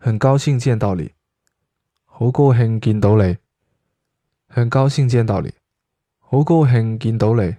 很高興見到你，好高興見到你，很高興見到你，好高興見到你。